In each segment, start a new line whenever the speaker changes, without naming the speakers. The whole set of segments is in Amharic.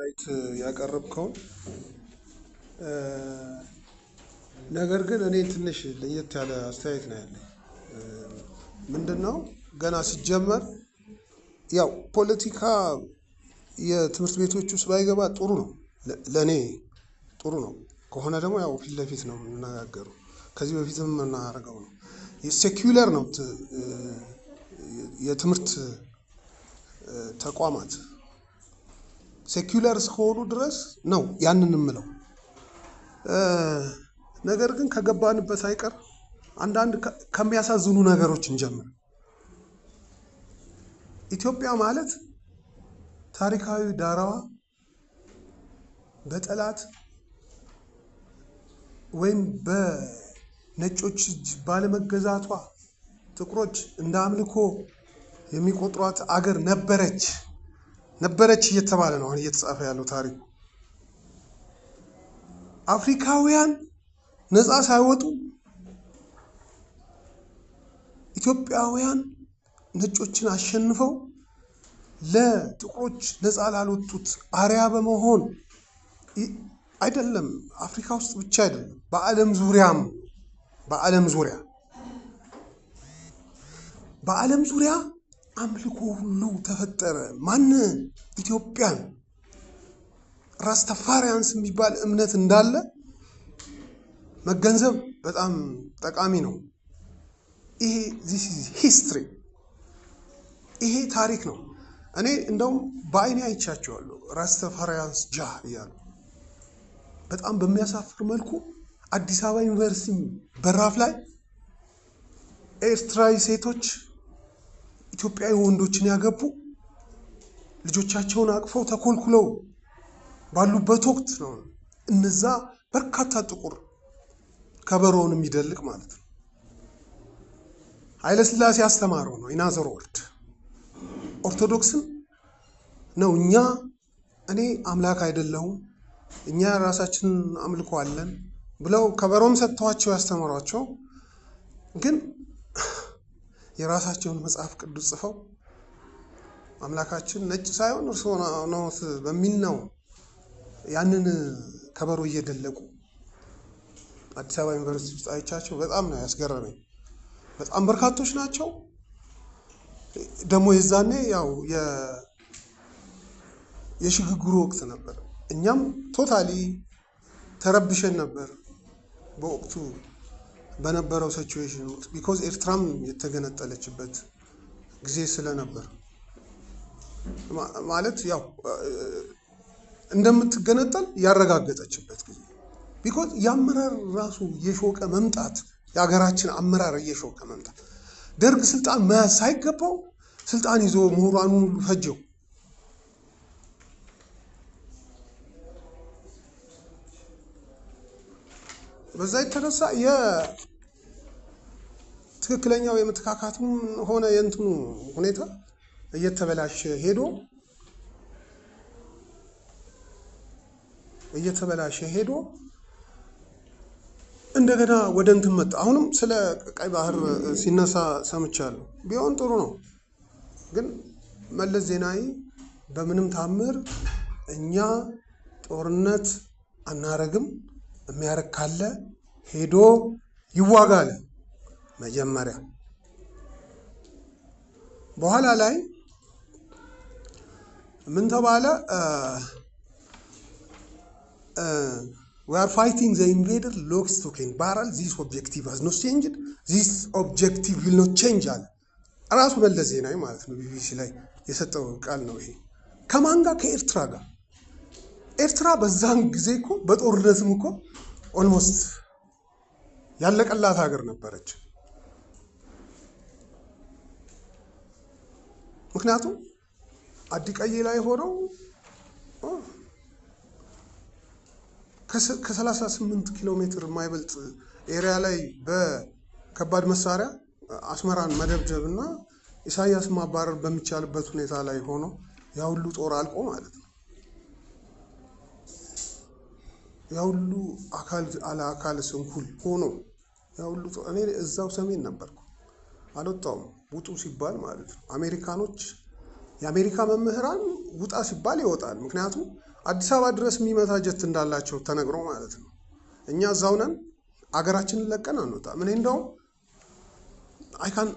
ላይት ያቀረብከውን ነገር ግን እኔ ትንሽ ለየት ያለ አስተያየት ነው ያለኝ። ምንድነው ገና ሲጀመር ያው ፖለቲካ የትምህርት ቤቶች ውስጥ ባይገባ ጥሩ ነው፣ ለእኔ ጥሩ ነው። ከሆነ ደግሞ ያው ፊት ለፊት ነው የምንነጋገሩ፣ ከዚህ በፊትም የምናደርገው ነው። ሴኩለር ነው የትምህርት ተቋማት ሴኩለር እስከሆኑ ድረስ ነው ያንን ምለው። ነገር ግን ከገባንበት አይቀር አንዳንድ ከሚያሳዝኑ ነገሮች እንጀምር። ኢትዮጵያ ማለት ታሪካዊ ዳራዋ በጠላት ወይም በነጮች እጅ ባለመገዛቷ ጥቁሮች እንደ አምልኮ የሚቆጥሯት አገር ነበረች። ነበረች እየተባለ ነው አሁን እየተጻፈ ያለው ታሪኩ። አፍሪካውያን ነፃ ሳይወጡ ኢትዮጵያውያን ነጮችን አሸንፈው ለጥቁሮች ነፃ ላልወጡት አሪያ በመሆን አይደለም አፍሪካ ውስጥ ብቻ አይደለም፣ በዓለም ዙሪያም በዓለም ዙሪያ በዓለም ዙሪያ አምልኮ ነው ተፈጠረ። ማን ኢትዮጵያን ራስተፋሪያንስ የሚባል እምነት እንዳለ መገንዘብ በጣም ጠቃሚ ነው። ይሄ ዚስ ኢዝ ሂስትሪ፣ ይሄ ታሪክ ነው። እኔ እንደውም በአይኔ አይቻቸዋለሁ ራስተፋሪያንስ ጃ እያሉ በጣም በሚያሳፍር መልኩ አዲስ አበባ ዩኒቨርሲቲ በራፍ ላይ ኤርትራዊ ሴቶች ኢትዮጵያዊ ወንዶችን ያገቡ ልጆቻቸውን አቅፈው ተኮልኩለው ባሉበት ወቅት ነው እነዛ በርካታ ጥቁር ከበሮውን የሚደልቅ ማለት ነው። ኃይለስላሴ አስተማረው ነው የናዘር ወርድ ኦርቶዶክስን ነው እኛ እኔ አምላክ አይደለሁም እኛ ራሳችንን አምልኮ አለን ብለው ከበሮም ሰጥተዋቸው ያስተምሯቸው ግን የራሳቸውን መጽሐፍ ቅዱስ ጽፈው አምላካችን ነጭ ሳይሆን እርስ ነዎት በሚል ነው ያንን ከበሮ እየደለቁ አዲስ አበባ ዩኒቨርሲቲ ውስጥ አይቻቸው በጣም ነው ያስገረመኝ። በጣም በርካቶች ናቸው። ደግሞ የዛኔ ያው የሽግግሩ ወቅት ነበር። እኛም ቶታሊ ተረብሸን ነበር በወቅቱ በነበረው ሲቹዌሽን ውስጥ ቢኮዝ ኤርትራም የተገነጠለችበት ጊዜ ስለነበር ማለት ያው እንደምትገነጠል ያረጋገጠችበት ጊዜ ቢኮዝ የአመራር ራሱ የሾቀ መምጣት የሀገራችን አመራር እየሾቀ መምጣት ደርግ ስልጣን መያዝ ሳይገባው ስልጣን ይዞ ምሁራኑን ፈጀው በዛ የተነሳ የትክክለኛው የመተካካቱም ሆነ የእንትኑ ሁኔታ እየተበላሸ ሄዶ እየተበላሸ ሄዶ እንደገና ወደ እንትን መጣ። አሁንም ስለ ቀይ ባህር ሲነሳ ሰምቻለሁ። ቢሆን ጥሩ ነው፣ ግን መለስ ዜናዊ በምንም ታምር እኛ ጦርነት አናረግም የሚያደርግ ካለ ሄዶ ይዋጋል መጀመሪያ። በኋላ ላይ ምን ተባለ? ዌአር ፋይቲንግ ዘ ኢንቬደር ሎክስ ቱ ኬን ባራል ዚስ ኦብጀክቲቭ ሃዝ ኖት ቼንጅድ ዚስ ኦብጀክቲቭ ዊል ኖት ቼንጅ አለ። ራሱ መለስ ዜናዊ ማለት ነው ቢቢሲ ላይ የሰጠው ቃል ነው ይሄ። ከማን ጋር? ከኤርትራ ጋር ኤርትራ በዛን ጊዜ እኮ በጦርነትም እኮ ኦልሞስት ያለቀላት ሀገር ነበረች። ምክንያቱም አዲቀዬ ላይ ሆነው ከ38 ኪሎ ሜትር የማይበልጥ ኤሪያ ላይ በከባድ መሳሪያ አስመራን መደብደብ እና ኢሳያስ ማባረር በሚቻልበት ሁኔታ ላይ ሆኖ ያ ሁሉ ጦር አልቆ ማለት ነው። ያሁሉ አካል አካል ስንኩል ሆኖ ያሁሉ እኔ እዛው ሰሜን ነበርኩ አልወጣውም። ውጡ ሲባል ማለት ነው። አሜሪካኖች የአሜሪካ መምህራን ውጣ ሲባል ይወጣል። ምክንያቱም አዲስ አበባ ድረስ የሚመታ ጀት እንዳላቸው ተነግሮ ማለት ነው። እኛ እዛው ነን፣ አገራችንን ለቀን አንወጣም። እኔ እንደውም አይካን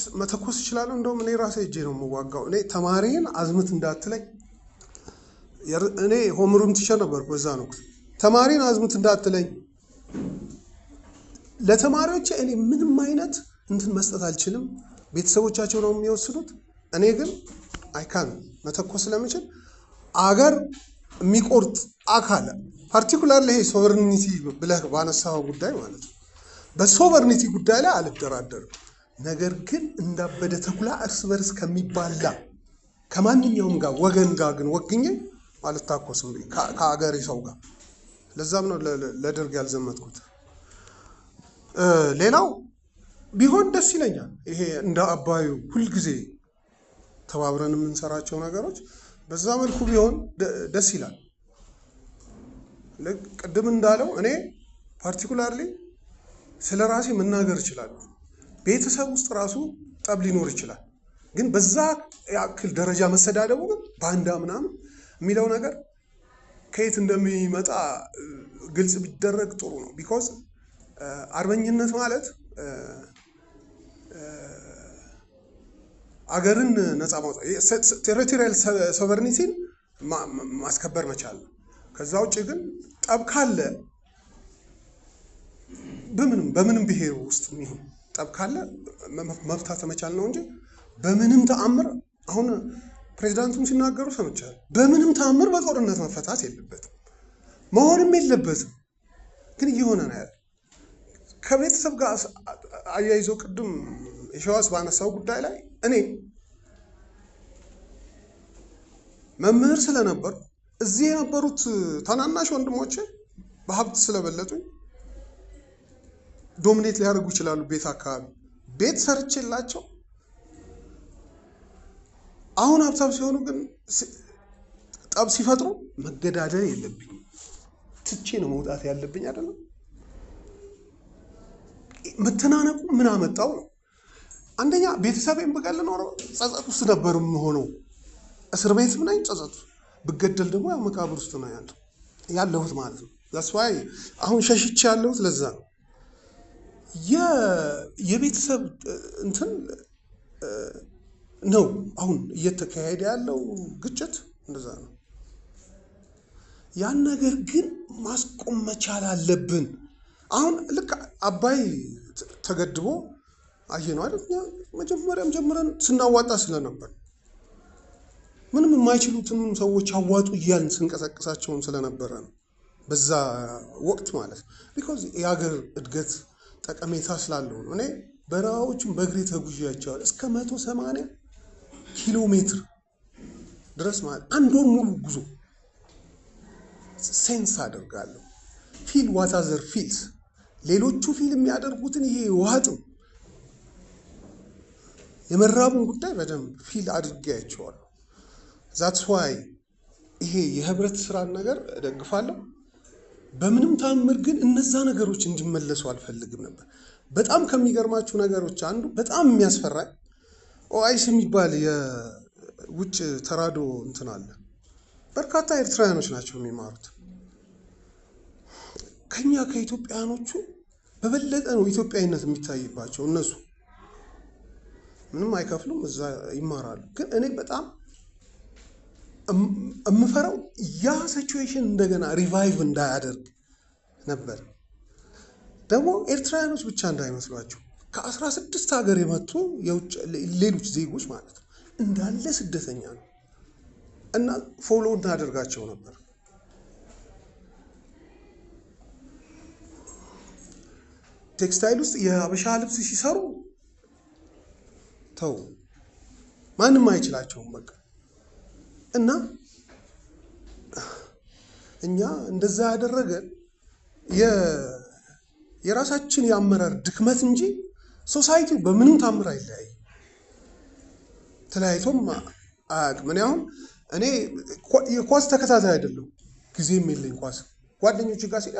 ስ መተኮስ እችላለሁ። እንደውም እኔ ራሴ እጄ ነው የምዋጋው። እኔ ተማሪን አዝምት እንዳትለኝ። እኔ ሆምሩም ቲቸር ነበርኩ። እዛ ነው ተማሪን አዝሙት እንዳትለኝ። ለተማሪዎች እኔ ምንም አይነት እንትን መስጠት አልችልም። ቤተሰቦቻቸው ነው የሚወስዱት። እኔ ግን አይካን መተኮስ ስለምችል አገር የሚቆርጥ አካል ፓርቲኩላር ይሄ ሶቨርኒቲ ብለህ ባነሳው ጉዳይ ማለት ነው። በሶቨርኒቲ ጉዳይ ላይ አልደራደርም። ነገር ግን እንዳበደ ተኩላ እርስ በርስ ከሚባላ ከማንኛውም ጋር ወገን ጋር ግን ወግኜ አልታኮስም ከአገሬ ሰው ጋር ለዛም ነው ለደርግ ያልዘመትኩት። ሌላው ቢሆን ደስ ይለኛል። ይሄ እንደ አባዩ ሁልጊዜ ተባብረን የምንሰራቸው ነገሮች በዛ መልኩ ቢሆን ደስ ይላል። ቅድም እንዳለው እኔ ፓርቲኩላርሊ ስለ ራሴ መናገር እችላለሁ። ቤተሰብ ውስጥ ራሱ ጠብ ሊኖር ይችላል። ግን በዛ ያክል ደረጃ መሰዳደቡ ግን ባንዳ ምናምን የሚለው ነገር ከየት እንደሚመጣ ግልጽ ቢደረግ ጥሩ ነው። ቢኮዝ አርበኝነት ማለት አገርን ነጻ ማውጣት ቴሪቶሪያል ሶቨርኒቲን ማስከበር መቻል ነው። ከዛ ውጭ ግን ጠብ ካለ በምንም በምንም ብሔር ውስጥ የሚሆን ጠብ ካለ መፍታት መቻል ነው እንጂ በምንም ተአምር አሁን ፕሬዚዳንቱም ሲናገሩ ሰምቻል። በምንም ታምር በጦርነት መፈታት የለበትም መሆንም የለበትም ግን እየሆነ ነው ያለ። ከቤተሰብ ጋር አያይዞ ቅድም የሸዋስ ባነሳው ጉዳይ ላይ እኔ መምህር ስለነበሩ እዚህ የነበሩት ታናናሽ ወንድሞቼ በሀብት ስለበለጡኝ ዶሚኔት ሊያደርጉ ይችላሉ። ቤት አካባቢ ቤት ሰርቼላቸው አሁን ሀብታም ሲሆኑ ግን ጠብ ሲፈጥሩ መገዳደል የለብኝም ትቼ ነው መውጣት ያለብኝ አይደለም። መተናነቁ ምን አመጣው ነው። አንደኛ ቤተሰቤን ብገል ኖሮ ጸጸት ውስጥ ነበር የምሆነው። እስር ቤት ምናኝ ጸጸቱ ብገደል ደግሞ ያው መቃብር ውስጥ ነው ያለው ያለሁት ማለት ነው። ስይ አሁን ሸሽቼ ያለሁት ለዛ ነው። የቤተሰብ እንትን ነው አሁን እየተካሄደ ያለው ግጭት እንደዛ ነው። ያን ነገር ግን ማስቆም መቻል አለብን። አሁን ልክ አባይ ተገድቦ አየ ነው አይደል? መጀመሪያም ጀምረን ስናዋጣ ስለነበር ምንም የማይችሉትንም ሰዎች አዋጡ እያልን ስንቀሳቀሳቸውን ስለነበረ ነው። በዛ ወቅት ማለት ነው። ቢኮዝ የሀገር እድገት ጠቀሜታ ስላለው ነው። እኔ በረሃዎችን በእግሬ ተጉዣቸዋል እስከ መቶ ሰማንያ ኪሎ ሜትር ድረስ ማለት አንድ ወር ሙሉ ጉዞ ሴንስ አደርጋለሁ። ፊል ዋታዘር ፊልስ ሌሎቹ ፊል የሚያደርጉትን ይሄ የዋጥም የመራቡን ጉዳይ በደንብ ፊል አድርጌያቸዋለሁ። ዛትስ ዋይ ይሄ የህብረት ስራን ነገር እደግፋለሁ። በምንም ታምር ግን እነዛ ነገሮች እንዲመለሱ አልፈልግም ነበር። በጣም ከሚገርማችሁ ነገሮች አንዱ በጣም የሚያስፈራኝ ኦአይስ የሚባል የውጭ ተራዶ እንትን አለ። በርካታ ኤርትራውያኖች ናቸው የሚማሩት። ከኛ ከኢትዮጵያውያኖቹ በበለጠ ነው ኢትዮጵያዊነት የሚታይባቸው። እነሱ ምንም አይከፍሉም፣ እዛ ይማራሉ። ግን እኔ በጣም የምፈራው ያ ሲቹዌሽን እንደገና ሪቫይቭ እንዳያደርግ ነበር። ደግሞ ኤርትራውያኖች ብቻ እንዳይመስሏቸው ከአስራ ስድስት ሀገር የመጡ ሌሎች ዜጎች ማለት ነው እንዳለ ስደተኛ ነው እና ፎሎ እናደርጋቸው ነበር። ቴክስታይል ውስጥ የሀበሻ ልብስ ሲሰሩ ተው ማንም አይችላቸውም። በቃ እና እኛ እንደዛ ያደረገን የራሳችን የአመራር ድክመት እንጂ ሶሳይቲው በምንም ታምር አይለያይ ተለያይቶም አያውቅም። እኔ አሁን እኔ የኳስ ተከታታይ አይደለሁም፣ ጊዜም የለኝ ኳስ ጓደኞች ጋር ሲል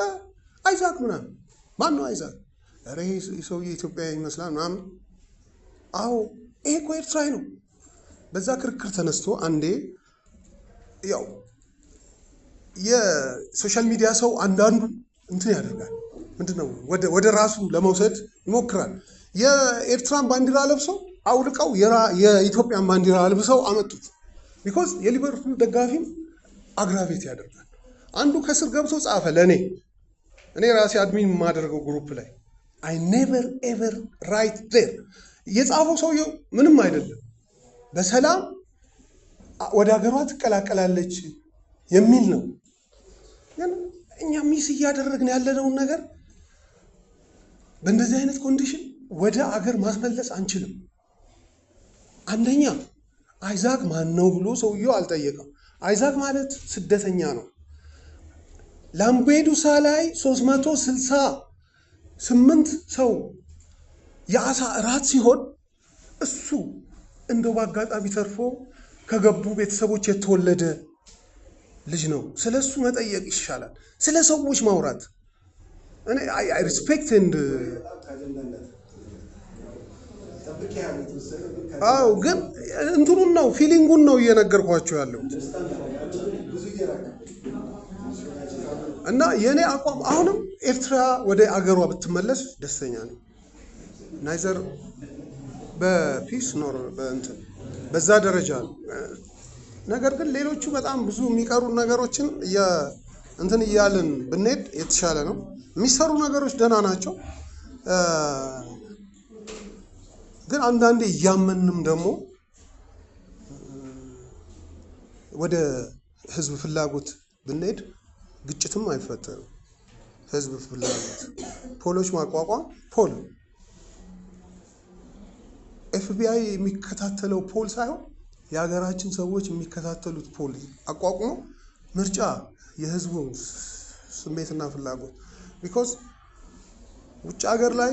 አይዛክ ምናምን ማን ነው አይዛክ? ኧረ ይሄ ሰውዬ ኢትዮጵያ ይመስላል ምናምን። አዎ ይሄ እኮ ኤርትራዊ ነው። በዛ ክርክር ተነስቶ አንዴ ያው የሶሻል ሚዲያ ሰው አንዳንዱ እንትን ያደርጋል ምንድን ነው ወደ ራሱ ለመውሰድ ይሞክራል። የኤርትራን ባንዲራ ለብሰው አውልቀው የኢትዮጵያን ባንዲራ ለብሰው አመጡት። ቢኮዝ የሊቨርፑል ደጋፊም አግራቤት ያደርጋል። አንዱ ከስር ገብቶ ጻፈ ለእኔ እኔ ራሴ አድሚን የማደርገው ግሩፕ ላይ አይ ኔቨር ኤቨር ራይት ዴር የጻፈው ሰውየው ምንም አይደለም፣ በሰላም ወደ ሀገሯ ትቀላቀላለች የሚል ነው። ግን እኛ ሚስ እያደረግን ያለነውን ነገር በእንደዚህ አይነት ኮንዲሽን ወደ አገር ማስመለስ አንችልም። አንደኛ አይዛክ ማን ነው ብሎ ሰውየው አልጠየቀም። አይዛክ ማለት ስደተኛ ነው። ላምፔዱሳ ላይ 368 ሰው የአሳ እራት ሲሆን እሱ እንደው በአጋጣሚ ተርፎ ከገቡ ቤተሰቦች የተወለደ ልጅ ነው። ስለ እሱ መጠየቅ ይሻላል፣ ስለ ሰዎች ማውራት ሪስፔክት አዎ ግን እንትኑን ነው ፊሊንጉን ነው እየነገርኳቸው ያለሁት እና የእኔ አቋም አሁንም ኤርትራ ወደ አገሯ ብትመለስ ደስተኛ ነው። ናይዘር በፒስ ኖር በእንትን በዛ ደረጃ ነው። ነገር ግን ሌሎቹ በጣም ብዙ የሚቀሩ ነገሮችን እንትን እያልን ብንሄድ የተሻለ ነው። የሚሰሩ ነገሮች ደህና ናቸው። ግን አንዳንዴ እያመንም ደግሞ ወደ ህዝብ ፍላጎት ብንሄድ ግጭትም አይፈጠርም። ህዝብ ፍላጎት ፖሎች ማቋቋም ፖል ኤፍቢአይ የሚከታተለው ፖል ሳይሆን የሀገራችን ሰዎች የሚከታተሉት ፖል አቋቁሞ ምርጫ የህዝቡ ስሜትና ፍላጎት ቢኮዝ ውጭ ሀገር ላይ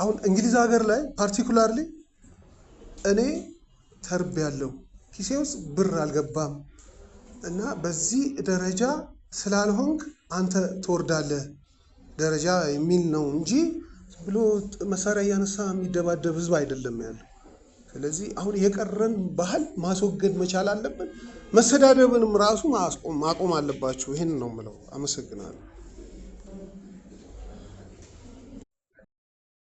አሁን እንግሊዝ ሀገር ላይ ፓርቲኩላርሊ እኔ ተርብ ያለው ኪሴ ውስጥ ብር አልገባም እና በዚህ ደረጃ ስላልሆንክ አንተ ትወርዳለህ ደረጃ የሚል ነው እንጂ ብሎ መሳሪያ እያነሳ የሚደባደብ ህዝብ አይደለም ያለው። ስለዚህ አሁን የቀረን ባህል ማስወገድ መቻል አለብን። መሰዳደብንም ራሱ ማቆም አለባችሁ። ይህን ነው የምለው። አመሰግናለሁ።